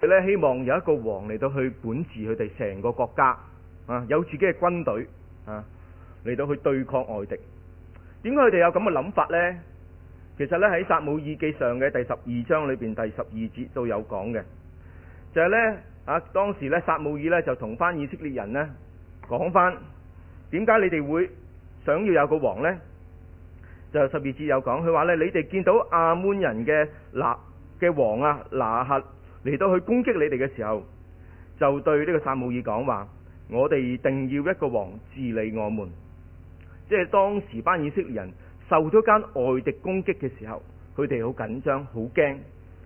佢咧希望有一個王嚟到去管治佢哋成個國家啊，有自己嘅軍隊啊，嚟到去對抗外敵。點解佢哋有咁嘅諗法呢？其實咧喺撒母耳記上嘅第十二章裏邊第十二節都有講嘅，就係、是、呢，啊，當時咧撒母耳咧就同翻以色列人呢講翻，點解你哋會想要有個王呢？」就係十二節有講，佢話呢，你哋見到亞捫人嘅拿嘅王啊拿轄。嚟到去攻擊你哋嘅時候，就對呢個撒母耳講話：我哋定要一個王治理我們。即係當時班以色列人受咗間外敵攻擊嘅時候，佢哋好緊張，好驚。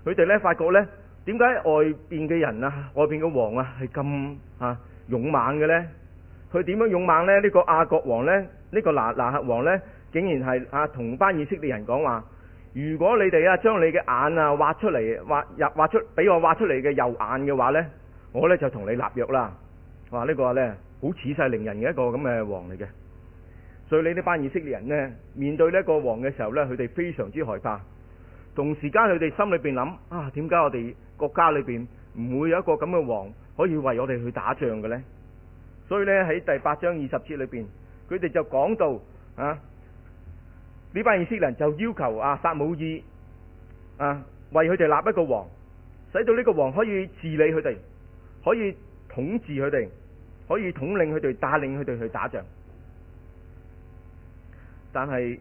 佢哋呢發覺呢，點解外邊嘅人啊，外邊嘅王啊，係咁啊勇猛嘅呢？佢點樣勇猛呢？呢、這個亞國王呢，呢、這個拿拿轄王呢，竟然係啊同班以色列人講話。如果你哋啊將你嘅眼啊挖出嚟，挖入挖出俾我挖出嚟嘅右眼嘅話呢，我呢就同你立約啦。哇！呢個呢，好恃勢凌人嘅一個咁嘅王嚟嘅，所以你呢班以色列人呢，面對呢一個王嘅時候呢，佢哋非常之害怕。同時間佢哋心裏邊諗啊，點解我哋國家裏邊唔會有一個咁嘅王可以為我哋去打仗嘅呢？」所以呢，喺第八章二十節裏邊，佢哋就講到啊。呢班以色列人就要求啊撒母耳啊為佢哋立一個王，使到呢個王可以治理佢哋，可以統治佢哋，可以統領佢哋、帶領佢哋去打仗。但係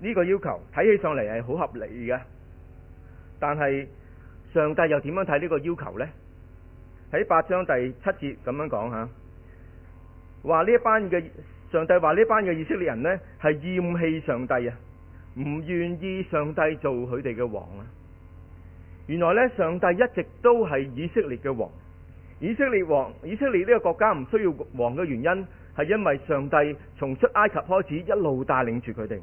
呢個要求睇起上嚟，係好合理嘅，但係上帝又點樣睇呢個要求呢？喺八章第七節咁樣講吓，話呢一班嘅。上帝話呢班嘅以色列人呢係厭棄上帝啊，唔願意上帝做佢哋嘅王啊。原來呢，上帝一直都係以色列嘅王。以色列王，以色列呢個國家唔需要王嘅原因，係因為上帝從出埃及開始，一路帶領住佢哋，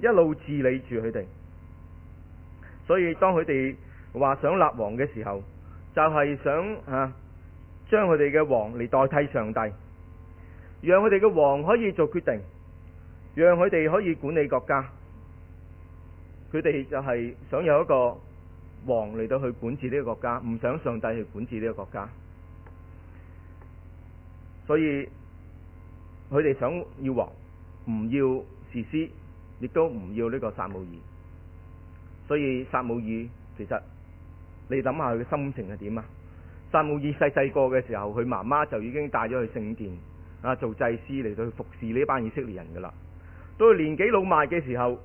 一路治理住佢哋。所以當佢哋話想立王嘅時候，就係、是、想吓、啊、將佢哋嘅王嚟代替上帝。讓佢哋嘅王可以做決定，讓佢哋可以管理國家。佢哋就係想有一個王嚟到去管治呢個國家，唔想上帝去管治呢個國家。所以佢哋想要王，唔要士師，亦都唔要呢個撒母耳。所以撒母耳，其實你諗下佢嘅心情係點啊？撒母耳細細個嘅時候，佢媽媽就已經帶咗去聖殿。啊，做祭司嚟到服侍呢班以色列人噶啦，到佢年紀老邁嘅時候，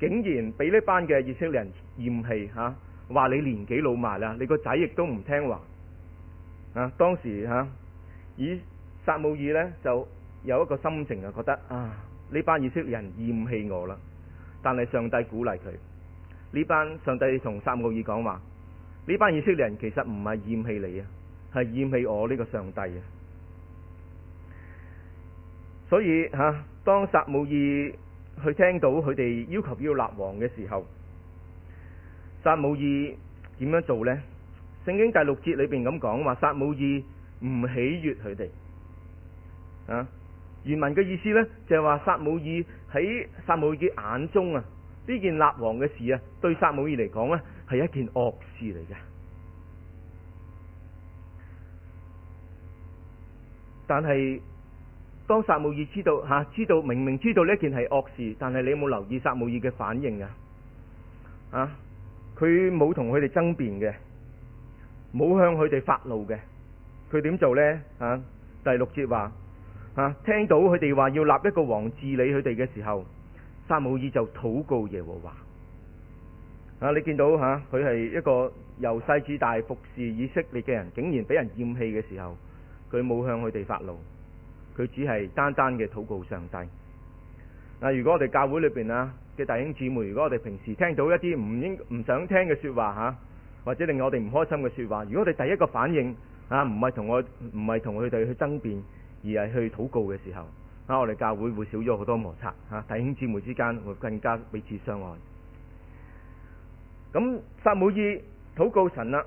竟然俾呢班嘅以色列人厭棄吓，話、啊、你年紀老邁啦，你個仔亦都唔聽話啊！當時吓、啊，以撒母耳咧就有一個心情就啊，覺得啊，呢班以色列人厭棄我啦。但係上帝鼓勵佢，呢班上帝同撒母耳講話，呢班以色列人其實唔係厭棄你啊，係厭棄我呢個上帝啊。所以吓、啊，當撒母耳去聽到佢哋要求要立王嘅時候，撒母耳點樣做呢？聖經第六節裏邊咁講話，撒母耳唔喜悅佢哋。啊，原文嘅意思呢，就係話撒母耳喺撒母耳嘅眼中啊，呢件立王嘅事啊，對撒母耳嚟講咧係一件惡事嚟嘅。但係。當撒母耳知道吓，知道明明知道呢件係惡事，但係你有冇留意撒母耳嘅反應啊？啊，佢冇同佢哋爭辯嘅，冇向佢哋發怒嘅，佢點做呢？啊，第六節話啊，聽到佢哋話要立一個王治理佢哋嘅時候，撒母耳就禱告耶和華啊！你見到吓，佢、啊、係一個由細至大服侍以色列嘅人，竟然俾人厭棄嘅時候，佢冇向佢哋發怒。佢只係單單嘅禱告上帝。嗱、啊，如果我哋教會裏邊啊嘅弟兄姊妹，如果我哋平時聽到一啲唔應唔想聽嘅說話吓、啊，或者令我哋唔開心嘅說話，如果我哋第一個反應啊唔係同我唔係同佢哋去爭辯，而係去禱告嘅時候，啊，我哋教會會少咗好多摩擦吓，啊、弟兄姊妹之間會更加彼此相愛。咁撒母耳禱告神啦、啊。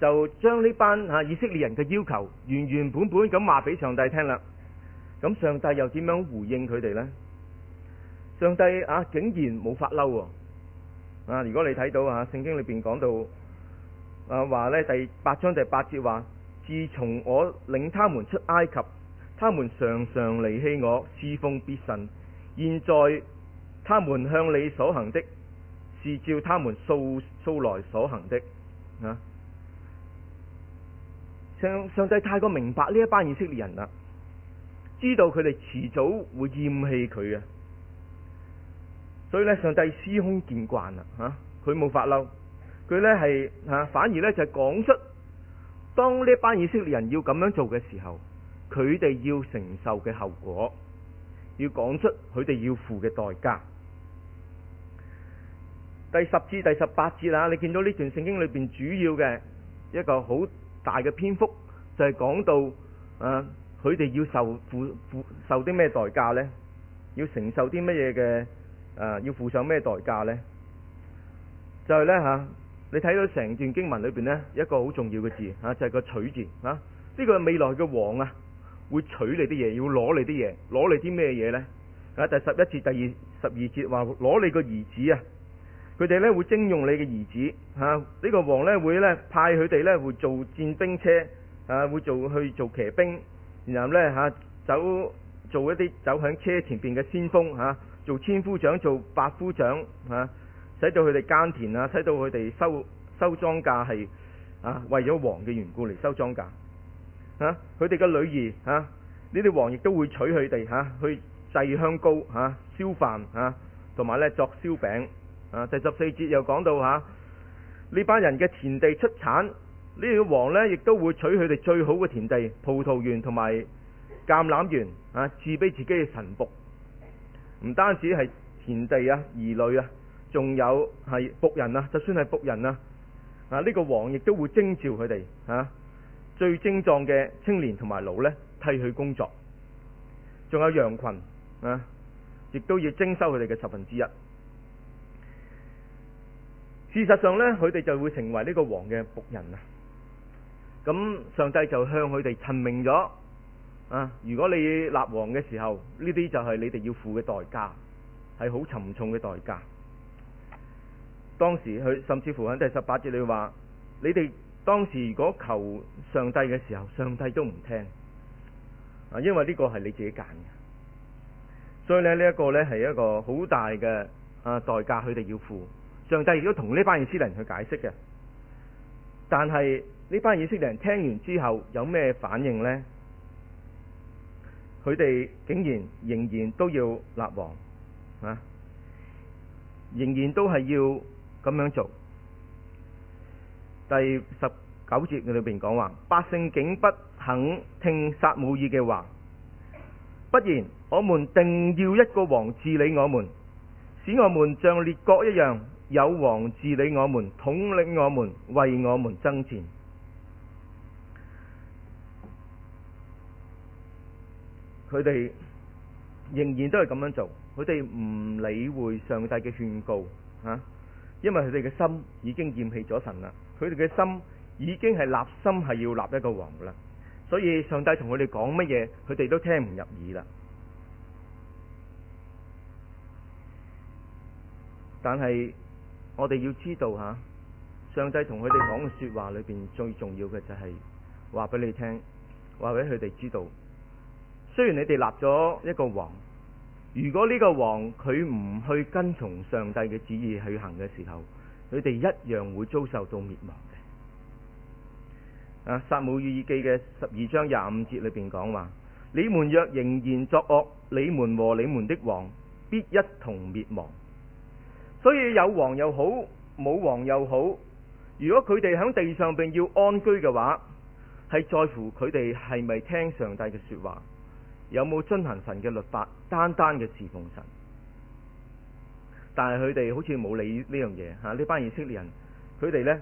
就將呢班啊以色列人嘅要求原原本本咁話俾上帝聽啦，咁上帝又點樣回應佢哋呢？上帝啊，竟然冇發嬲喎！啊，如果你睇到啊，聖經裏邊講到啊話咧，第八章第八節話：自從我領他們出埃及，他們常常離棄我，侍奉別神。現在他們向你所行的，是照他們素素來所行的啊。上上帝太過明白呢一班以色列人啦，知道佢哋遲早會厭棄佢啊，所以咧上帝司空見慣啦，吓佢冇發嬲，佢咧係吓反而咧就講出當呢班以色列人要咁樣做嘅時候，佢哋要承受嘅後果，要講出佢哋要付嘅代價。第十至第十八節啊，你見到呢段聖經裏邊主要嘅一個好。大嘅篇幅就係講到，誒、啊，佢哋要受負負受啲咩代價呢？要承受啲乜嘢嘅？誒、啊，要付上咩代價呢？就係、是、呢。吓、啊，你睇到成段經文裏邊呢，一個好重要嘅字吓、啊，就係、是、個取字吓。呢、啊、個未來嘅王啊，會取你啲嘢，要攞你啲嘢，攞你啲咩嘢呢？啊，第十一節、第二十二節話攞你個兒子啊。佢哋咧會徵用你嘅兒子嚇，呢、啊呢個王咧會咧派佢哋咧會做戰兵車啊，會做去做騎兵，然後咧嚇、啊、走做一啲走響車前邊嘅先鋒嚇、啊，做千夫長、做百夫長嚇，使、啊、到佢哋耕田啊，使到佢哋收收莊稼係啊，為咗王嘅緣故嚟收莊稼啊。佢哋嘅女兒嚇，呢、啊、啲王亦都會娶佢哋嚇去製香膏嚇、啊、燒飯嚇，同埋咧作燒餅餅。啊！第十四節又講到吓，呢、啊、班人嘅田地出產，呢個王呢亦都會取佢哋最好嘅田地、葡萄園同埋橄欖園啊，賜俾自己嘅臣僕。唔單止係田地啊、兒女啊，仲有係僕人啊，就算係僕人啊，啊呢、呢個王亦都會徵召佢哋啊，最精壯嘅青年同埋老呢，替佢工作，仲有羊群啊，亦都要徵收佢哋嘅十分之一。事實上呢，佢哋就會成為呢個王嘅僕人啊！咁上帝就向佢哋陳明咗啊：如果你立王嘅時候，呢啲就係你哋要付嘅代價，係好沉重嘅代價。當時佢甚至乎喺第十八節你話：你哋當時如果求上帝嘅時候，上帝都唔聽啊，因為呢個係你自己揀嘅。所以呢，呢一個呢，係一個好大嘅啊代價，佢哋要付。上帝亦都同呢班以色列人去解釋嘅，但係呢班以色列人聽完之後有咩反應呢？佢哋竟然仍然都要立王啊！仍然都係要咁樣做。第十九節佢裏邊講話：百姓竟不肯聽撒母耳嘅話，不然我們定要一個王治理我們，使我們像列國一樣。有王治理我們，統領我們，為我們爭戰。佢哋仍然都係咁樣做，佢哋唔理會上帝嘅勸告啊！因為佢哋嘅心已經厭棄咗神啦，佢哋嘅心已經係立心係要立一個王噶啦，所以上帝同佢哋講乜嘢，佢哋都聽唔入耳啦。但係。我哋要知道吓、啊，上帝同佢哋講嘅說話裏邊最重要嘅就係話俾你聽，話俾佢哋知道。雖然你哋立咗一個王，如果呢個王佢唔去跟從上帝嘅旨意去行嘅時候，佢哋一樣會遭受到滅亡嘅。姆、啊、撒母耳記嘅十二章廿五節裏邊講話：你們若仍然作惡，你們和你們的王必一同滅亡。所以有王又好，冇王又好，如果佢哋響地上邊要安居嘅話，係在乎佢哋係咪聽上帝嘅說話，有冇遵行神嘅律法，單單嘅侍奉神。但係佢哋好似冇理呢樣嘢吓，呢班以色列人，佢哋呢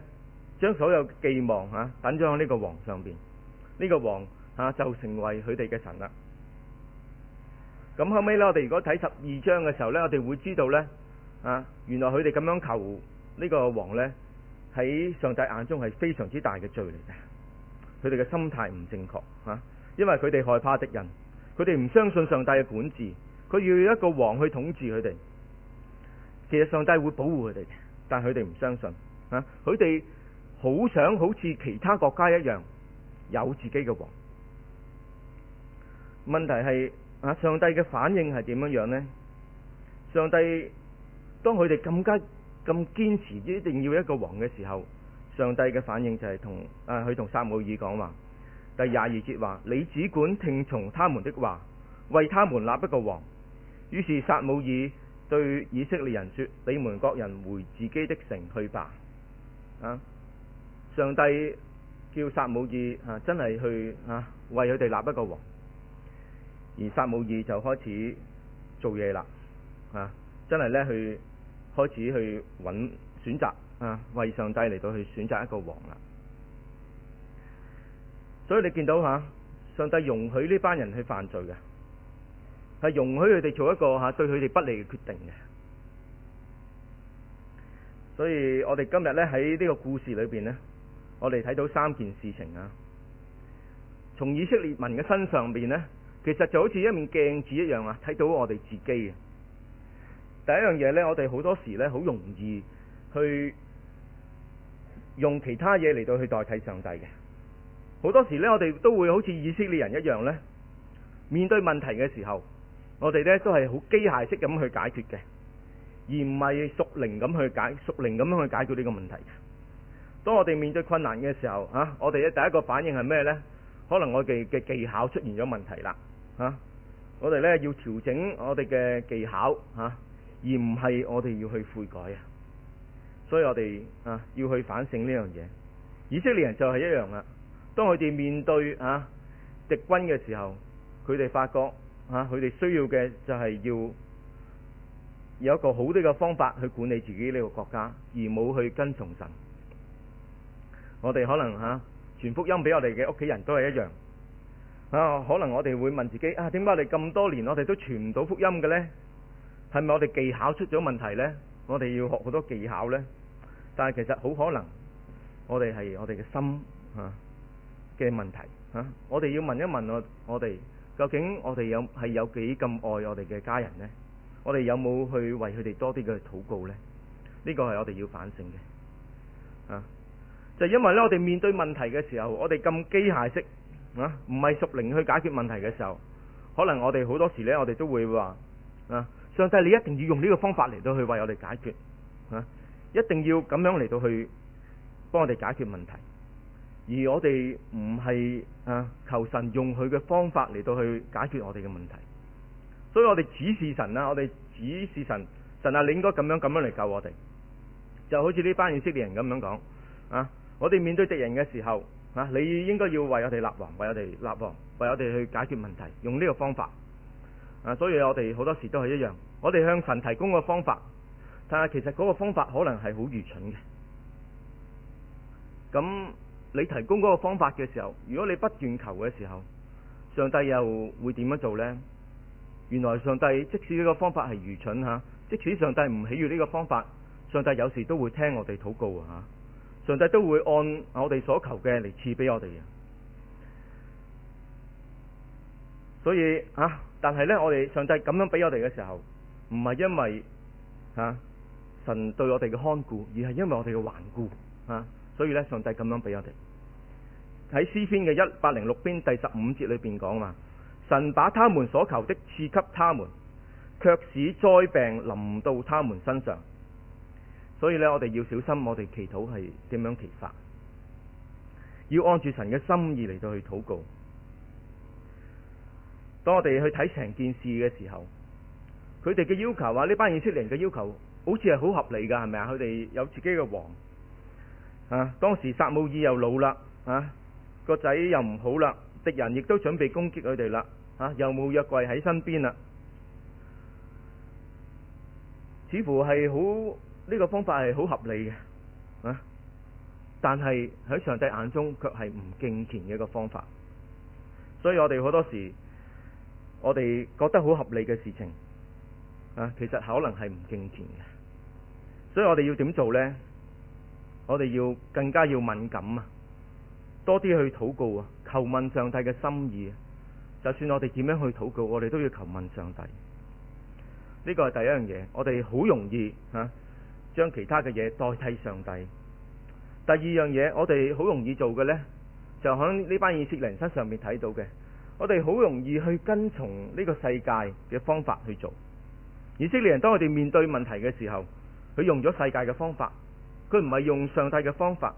將所有寄望吓、啊、等咗喺呢個王上邊，呢、這個王吓、啊、就成為佢哋嘅神啦。咁、啊、後尾呢，我哋如果睇十二章嘅時候呢，我哋會知道呢。啊！原來佢哋咁樣求呢個王呢，喺上帝眼中係非常之大嘅罪嚟嘅。佢哋嘅心態唔正確，吓、啊，因為佢哋害怕敵人，佢哋唔相信上帝嘅管治，佢要一個王去統治佢哋。其實上帝會保護佢哋，但佢哋唔相信。吓、啊，佢哋好想好似其他國家一樣有自己嘅王。問題係啊，上帝嘅反應係點樣樣呢？上帝。當佢哋更加咁堅持一定要一個王嘅時候，上帝嘅反應就係同啊佢同撒母耳講話，第廿二節話：你只管聽從他們的話，為他們立一個王。於是撒母耳對以色列人說：你們各人回自己的城去吧。啊！上帝叫撒母耳啊，真係去啊為佢哋立一個王，而撒母耳就開始做嘢啦。啊，真係呢去。開始去揾選擇啊，為上帝嚟到去選擇一個王啦。所以你見到吓、啊，上帝容許呢班人去犯罪嘅，係容許佢哋做一個吓、啊、對佢哋不利嘅決定嘅。所以我哋今日咧喺呢個故事裏邊咧，我哋睇到三件事情啊。從以色列民嘅身上邊咧，其實就好似一面鏡子一樣啊，睇到我哋自己嘅。第一樣嘢呢，我哋好多時呢，好容易去用其他嘢嚟到去代替上帝嘅。好多時呢，我哋都會好似以色列人一樣呢，面對問題嘅時候，我哋呢都係好機械式咁去解決嘅，而唔係屬靈咁去解屬靈咁樣去解決呢個問題。當我哋面對困難嘅時候，嚇、啊、我哋嘅第一個反應係咩呢？可能我哋嘅技巧出現咗問題啦，嚇、啊、我哋呢要調整我哋嘅技巧嚇。啊而唔係我哋要去悔改啊！所以我哋啊要去反省呢樣嘢。以色列人就係一樣啦。當佢哋面對啊敵軍嘅時候，佢哋發覺啊，佢哋需要嘅就係要有一個好啲嘅方法去管理自己呢個國家，而冇去跟從神。我哋可能吓啊傳福音俾我哋嘅屋企人都係一樣啊。可能我哋會問自己啊，點解我哋咁多年我哋都傳唔到福音嘅呢？係咪我哋技巧出咗問題呢？我哋要學好多技巧呢。但係其實好可能我哋係我哋嘅心嚇嘅、啊、問題嚇、啊。我哋要問一問我我哋究竟我哋有係有幾咁愛我哋嘅家人呢？我哋有冇去為佢哋多啲嘅禱告呢？呢、這個係我哋要反省嘅啊！就是、因為呢，我哋面對問題嘅時候，我哋咁機械式啊，唔係熟練去解決問題嘅時候，可能我哋好多時呢，我哋都會話啊。上帝，你一定要用呢個方法嚟到去為我哋解決，吓、啊，一定要咁樣嚟到去幫我哋解決問題。而我哋唔係啊求神用佢嘅方法嚟到去解決我哋嘅問題，所以我哋指示神啊，我哋指示神，神啊，你應該咁樣咁樣嚟救我哋。就好似呢班以色列人咁樣講，啊，我哋面對敵人嘅時候，啊，你應該要為我哋立王，為我哋立王，為我哋去解決問題，用呢個方法。啊，所以我哋好多時都係一樣。我哋向神提供個方法，但係其實嗰個方法可能係好愚蠢嘅。咁你提供嗰個方法嘅時候，如果你不斷求嘅時候，上帝又會點樣做呢？原來上帝即使呢個方法係愚蠢吓，即使上帝唔喜悅呢個方法，上帝有時都會聽我哋禱告啊！上帝都會按我哋所求嘅嚟賜俾我哋。所以啊，但係呢，我哋上帝咁樣俾我哋嘅時候。唔係因為啊神對我哋嘅看顧，而係因為我哋嘅頑固啊，所以呢，上帝咁樣俾我哋喺詩篇嘅一百零六篇第十五節裏邊講話，神把他們所求的賜給他們，卻使災病臨到他們身上。所以呢，我哋要小心，我哋祈禱係點樣祈法，要按住神嘅心意嚟到去禱告。當我哋去睇成件事嘅時候。佢哋嘅要求啊，呢班以色列人嘅要求，好似係好合理㗎，係咪啊？佢哋有自己嘅王啊，當時撒母耳又老啦啊，個仔又唔好啦，敵人亦都準備攻擊佢哋啦啊，又冇約櫃喺身邊啦，似乎係好，呢個方法係好合理嘅啊，但係喺上帝眼中卻係唔敬虔嘅一個方法，所以我哋好多時，我哋覺得好合理嘅事情。啊，其實可能係唔敬虔嘅，所以我哋要點做呢？我哋要更加要敏感啊，多啲去禱告啊，求問上帝嘅心意。就算我哋點樣去禱告，我哋都要求問上帝。呢個係第一樣嘢，我哋好容易吓將其他嘅嘢代替上帝。第二樣嘢，我哋好容易做嘅呢，就喺呢班以色列人身上面睇到嘅。我哋好容易去跟從呢個世界嘅方法去做。以色列人，當我哋面對問題嘅時候，佢用咗世界嘅方法，佢唔係用上帝嘅方法。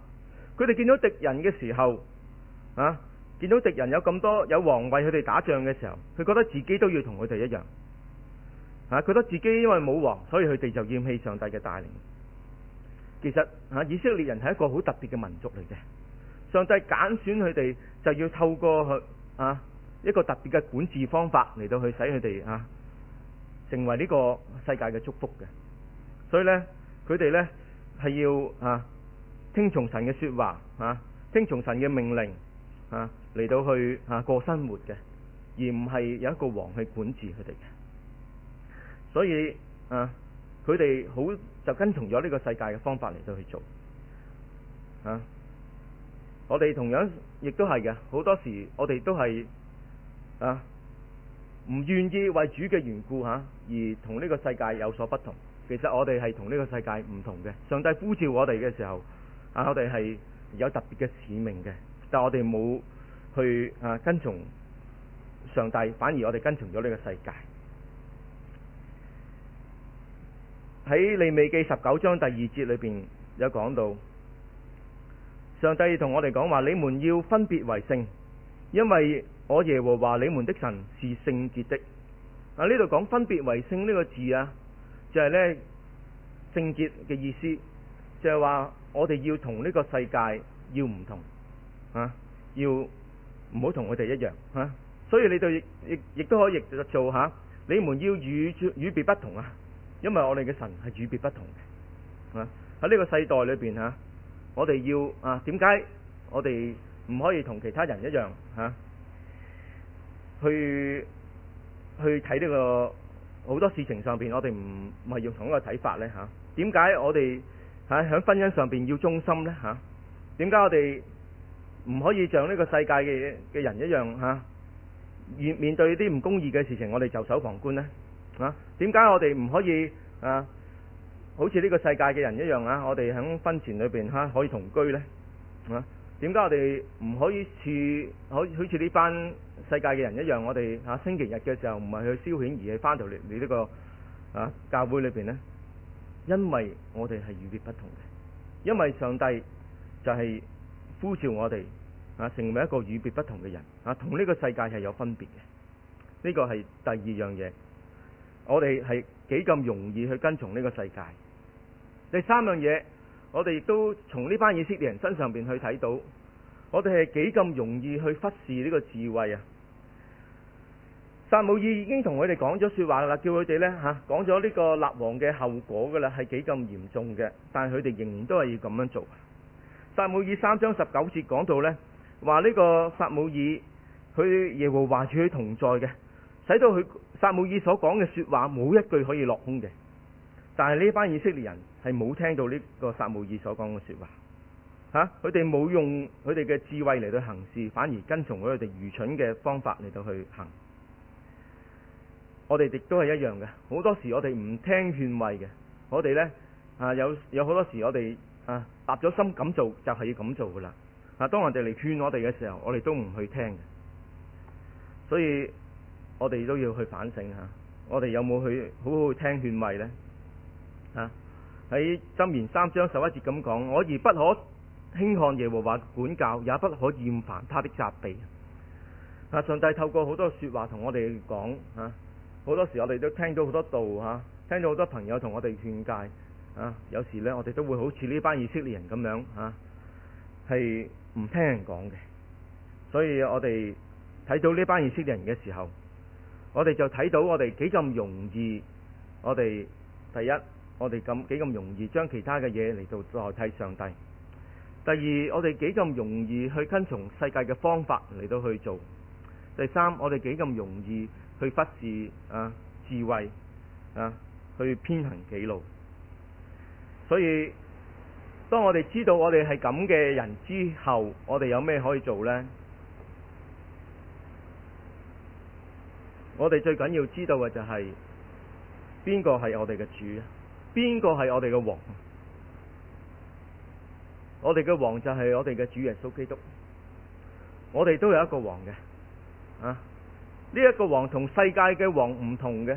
佢哋見到敵人嘅時候，啊，見到敵人有咁多有王為佢哋打仗嘅時候，佢覺得自己都要同佢哋一樣。啊，佢覺得自己因為冇王，所以佢哋就厭棄上帝嘅帶領。其實啊，以色列人係一個好特別嘅民族嚟嘅。上帝揀選佢哋，就要透過佢啊一個特別嘅管治方法嚟到去使佢哋啊，成為呢個世界嘅祝福嘅，所以呢，佢哋呢係要啊聽從神嘅說話啊，啊聽從神嘅命令啊嚟到去啊過生活嘅，而唔係有一個王去管治佢哋嘅。所以啊，佢哋好就跟從咗呢個世界嘅方法嚟到去做啊。我哋同樣亦都係嘅，好多時我哋都係啊。唔願意為主嘅緣故嚇，啊，而同呢個世界有所不同。其實我哋係同呢個世界唔同嘅。上帝呼召我哋嘅時候，啊，我哋係有特別嘅使命嘅，但我哋冇去啊跟從上帝，反而我哋跟從咗呢個世界。喺利未記十九章第二節裏邊有講到，上帝同我哋講話，你們要分別為聖，因為我耶和華你們的神是聖潔的。啊，呢度講分別為聖呢個字啊，就係咧聖潔嘅意思，就係、是、話我哋要同呢個世界要唔同啊，要唔好同我哋一樣啊。所以你哋亦亦都可以做下、啊，你們要與與別不同啊，因為我哋嘅神係與別不同嘅，喺呢個世代裏邊吓、啊，我哋要啊，點解我哋唔可以同其他人一樣吓？啊去去睇呢個好多事情上邊，我哋唔唔係用同一個睇法呢。嚇、啊。點解我哋嚇喺婚姻上邊要忠心呢？嚇、啊？點解我哋唔可以、啊、像呢個世界嘅嘅人一樣嚇？面面對啲唔公義嘅事情，我哋袖手旁觀呢？嚇？點解我哋唔可以啊？好似呢個世界嘅人一樣啊？我哋喺婚前裏邊嚇可以同居呢？嚇、啊？點解我哋唔可以似好好似呢、啊、班世界嘅人一樣，我哋啊星期日嘅時候唔係去消遣，而係翻到嚟呢個啊教會裏邊咧。因為我哋係與別不同嘅，因為上帝就係呼召我哋啊成為一個與別不同嘅人啊，同呢個世界係有分別嘅。呢個係第二樣嘢，我哋係幾咁容易去跟從呢個世界。第三樣嘢，我哋亦都從呢班以色列人身上邊去睇到，我哋係幾咁容易去忽視呢個智慧啊！撒母耳已經同佢哋講咗說話啦，叫佢哋呢，吓講咗呢個立王嘅後果噶啦，係幾咁嚴重嘅。但係佢哋仍然都係要咁樣做。撒母耳三章十九節講到呢，話呢個撒母耳佢耶和華與佢同在嘅，使到佢撒母耳所講嘅說話冇一句可以落空嘅。但係呢班以色列人係冇聽到呢個撒母耳所講嘅說話，吓佢哋冇用佢哋嘅智慧嚟到行事，反而跟從佢哋愚蠢嘅方法嚟到去行。我哋亦都係一樣嘅，好多時我哋唔聽勸慰嘅，我哋呢，啊有有好多時我哋啊立咗心咁做就係、是、要咁做噶啦。啊，當人哋嚟勸我哋嘅時候，我哋都唔去聽。所以我哋都要去反省下，啊，我哋有冇去好好聽勸慰呢？喺，啊，箴言三章十一節咁講，啊，我兒不可輕看耶和華管教，也不可厭煩他的責備。啊，上帝透過好多說話同我哋講啊。好多時我哋都聽咗好多道吓、啊，聽咗好多朋友同我哋勸戒啊。有時呢，我哋都會好似呢班以色列人咁樣吓、係、啊、唔聽人講嘅。所以我哋睇到呢班以色列人嘅時候，我哋就睇到我哋幾咁容易我。我哋第一，我哋咁幾咁容易將其他嘅嘢嚟到代替上帝；第二，我哋幾咁容易去跟從世界嘅方法嚟到去做；第三，我哋幾咁容易。去忽視啊智慧啊，去偏行己路。所以，當我哋知道我哋係咁嘅人之後，我哋有咩可以做呢？我哋最緊要知道嘅就係邊個係我哋嘅主啊？邊個係我哋嘅王？我哋嘅王就係我哋嘅主耶穌基督。我哋都有一個王嘅啊。呢一個王同世界嘅王唔同嘅，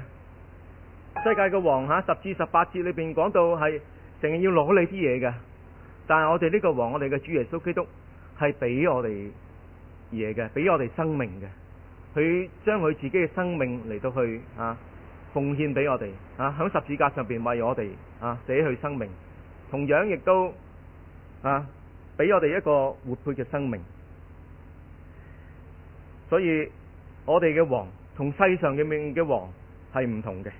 世界嘅王吓，十至十八節裏邊講到係成日要攞你啲嘢嘅，但係我哋呢個王，我哋嘅主耶穌基督係俾我哋嘢嘅，俾我哋生命嘅。佢將佢自己嘅生命嚟到去啊奉獻俾我哋啊，喺十字架上邊為我哋啊捨去生命，同樣亦都啊俾我哋一個活潑嘅生命，所以，我哋嘅王同世上嘅命嘅王係唔同嘅，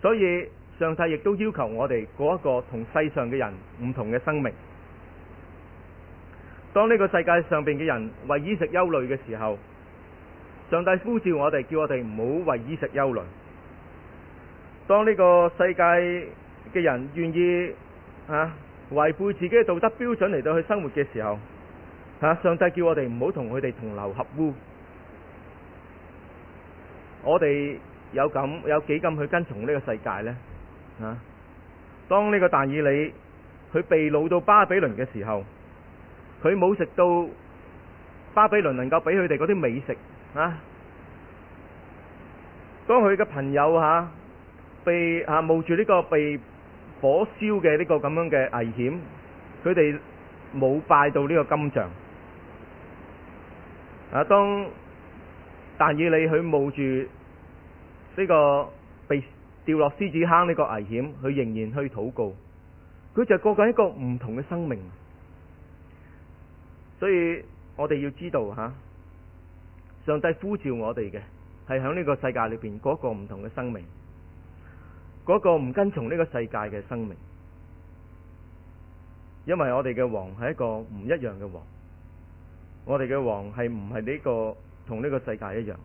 所以上帝亦都要求我哋過一個同世上嘅人唔同嘅生命。當呢個世界上邊嘅人為衣食憂慮嘅時候，上帝呼召我哋，叫我哋唔好為衣食憂慮。當呢個世界嘅人願意啊違背自己嘅道德標準嚟到去生活嘅時候，吓、啊，上帝叫我哋唔好同佢哋同流合污。我哋有咁有幾咁去跟從呢個世界呢？啊！當呢個但以理，佢被擄到巴比倫嘅時候，佢冇食到巴比倫能夠俾佢哋嗰啲美食啊！當佢嘅朋友吓、啊、被吓、啊、冒住呢個被火燒嘅呢個咁樣嘅危險，佢哋冇拜到呢個金像啊！當但以理去冒住呢個被掉落獅子坑呢個危險，佢仍然去禱告，佢就過緊一個唔同嘅生命。所以我哋要知道吓，上帝呼召我哋嘅係響呢個世界裏邊嗰個唔同嘅生命，嗰個唔跟從呢個世界嘅生命，因為我哋嘅王係一個唔一樣嘅王，我哋嘅王係唔係呢個。同呢個世界一樣，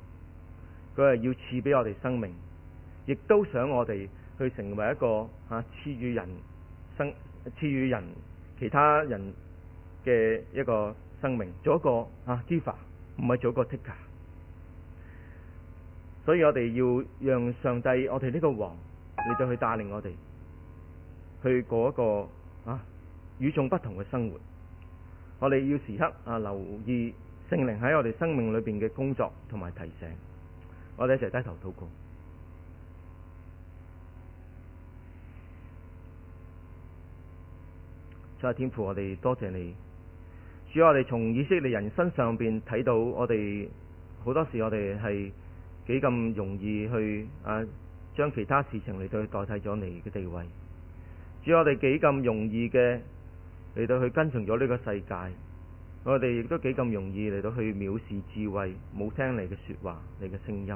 佢係要賜俾我哋生命，亦都想我哋去成為一個啊賜予人生、賜予人其他人嘅一個生命，做一個啊 Giver，唔係做一個 Taker。所以我哋要讓上帝，我哋呢個王，嚟到去帶領我哋去過一個啊與眾不同嘅生活。我哋要時刻啊留意，聖靈喺我哋生命裏邊嘅工作同埋提醒，我哋一齊低頭禱告。再係天父我，我哋多謝你，主，我哋從以色列人身上邊睇到我哋好多時，我哋係幾咁容易去啊，將其他事情嚟到代替咗你嘅地位。主，我哋幾咁容易嘅嚟到去跟從咗呢個世界。我哋亦都幾咁容易嚟到去藐視智慧，冇聽你嘅說話，你嘅聲音。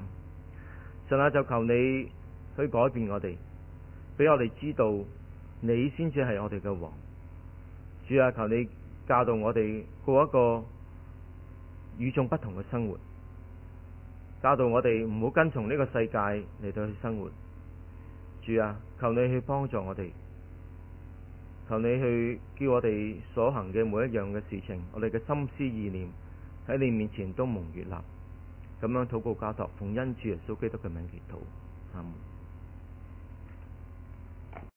神啊，就求你去改變我哋，俾我哋知道你先至係我哋嘅王。主啊，求你教導我哋過一個與眾不同嘅生活，教導我哋唔好跟從呢個世界嚟到去生活。主啊，求你去幫助我哋。求你去叫我哋所行嘅每一樣嘅事情，我哋嘅心思意念喺你面前都蒙悅納，咁樣禱告交託，奉恩主耶穌基督嘅名祈禱。阿們。